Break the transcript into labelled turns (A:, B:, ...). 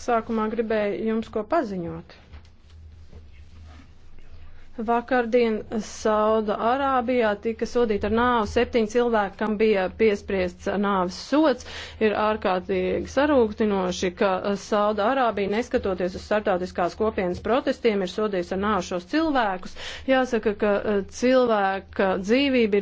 A: Sākumā gribēju jums ko paziņot. Vakardien Sauda Arābijā tika sodīta ar nāvu. Septiņi cilvēki, kam bija piespriests nāves sots, ir ārkārtīgi sarūktinoši, ka Sauda Arābija, neskatoties uz startautiskās kopienas protestiem, ir sodījusi ar nāvu šos cilvēkus. Jāsaka, ka eh, cilvēka dzīvība
B: ir.